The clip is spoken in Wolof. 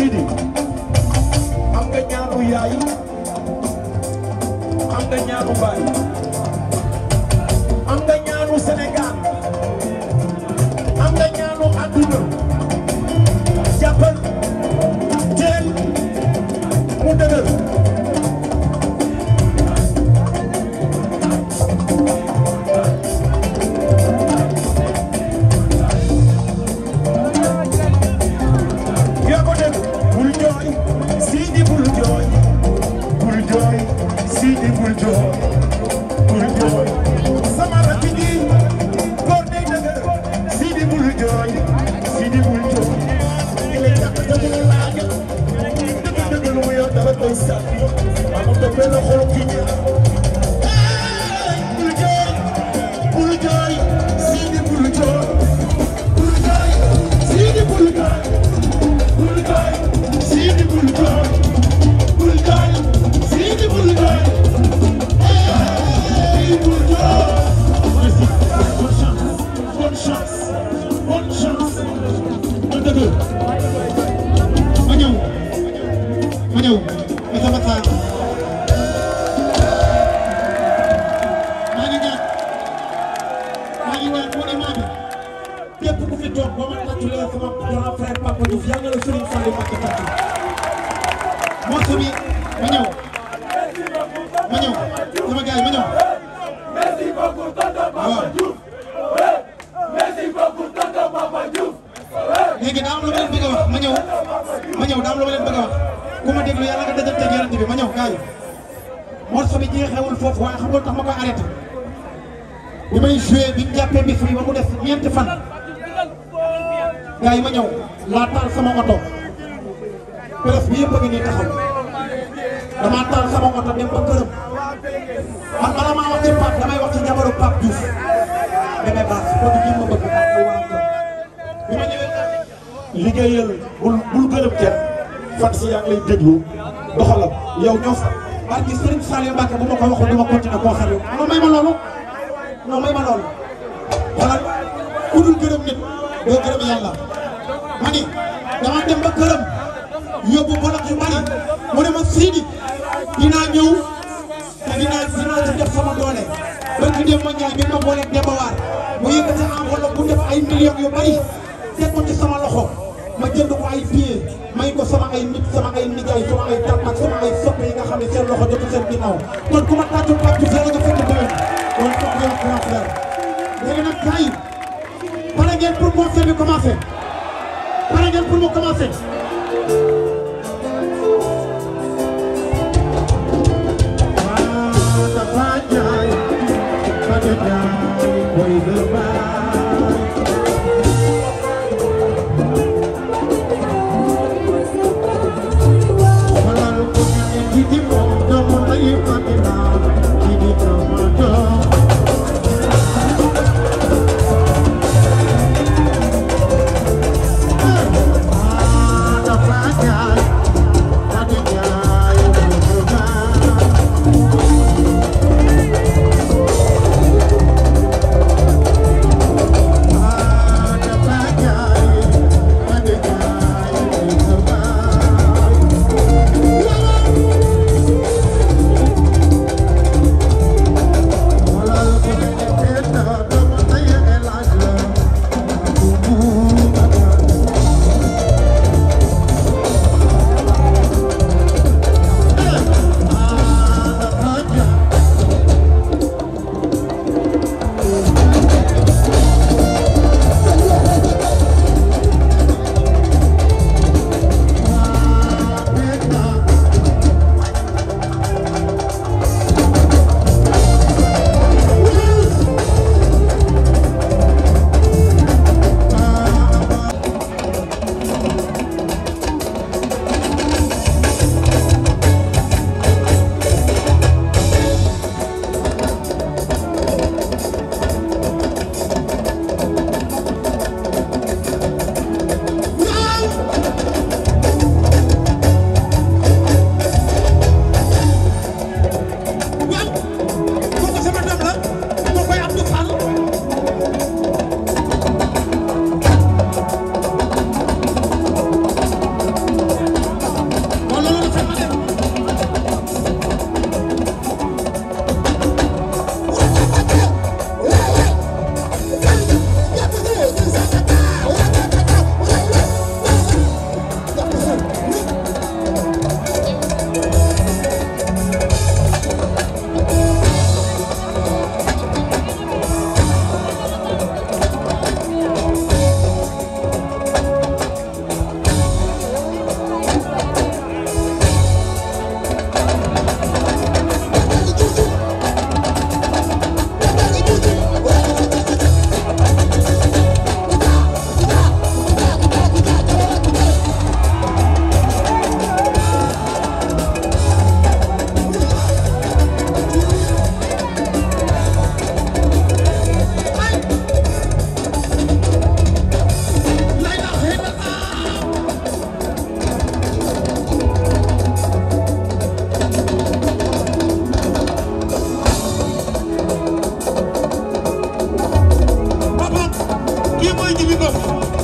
Sidi am nga ñaanu yaay am nga ñaanu baay ma ñëw ma ñëw sama gars yi ma ñëw. merci beaucoup tonton Papa ma leen bëgg a wax ma ñëw ma ñëw daa ma leen bëgg a wax ku ma yàlla nga dajanteeg yàlla bi ma ñëw gars yi morceau bi jeexewul foofu waaye xam tax ma koy arrêté. bi may joué bi jàppee bi fii ba mu def ñeenti fan. gars ma ñëw laa taal sama oto. presse bi yëpp a ngi nii damaa taal sama oto dem ba këram man ma ma ñëwee bu ma ko waxoon dama continuer koo xam yow non may ma loolu non may ma loolu xoolal ku dul gërëm ma ni dama dem ma Sidi dinaa ñëw te dinaa dinaa ci def sama doole bëgg dem ma ñaar bi ma boole Demba War mu yëkkati enveloppe bu def ay millions yu bari teg ko sama loxo ma jënd ko ay billets may ko sama ay nit sama ay nijaay sama ay tàmm ak sama ay soppe yi nga xam ne seen loxo jotu seen ginnaaw kon ku ma tàccu tàccu fee la nga fekk déwén loolu foog ngeen transfert léegi nag gars yi pare ngeen pour mon bi commencé pare ngeen pour mu commencé. mooy jibi bés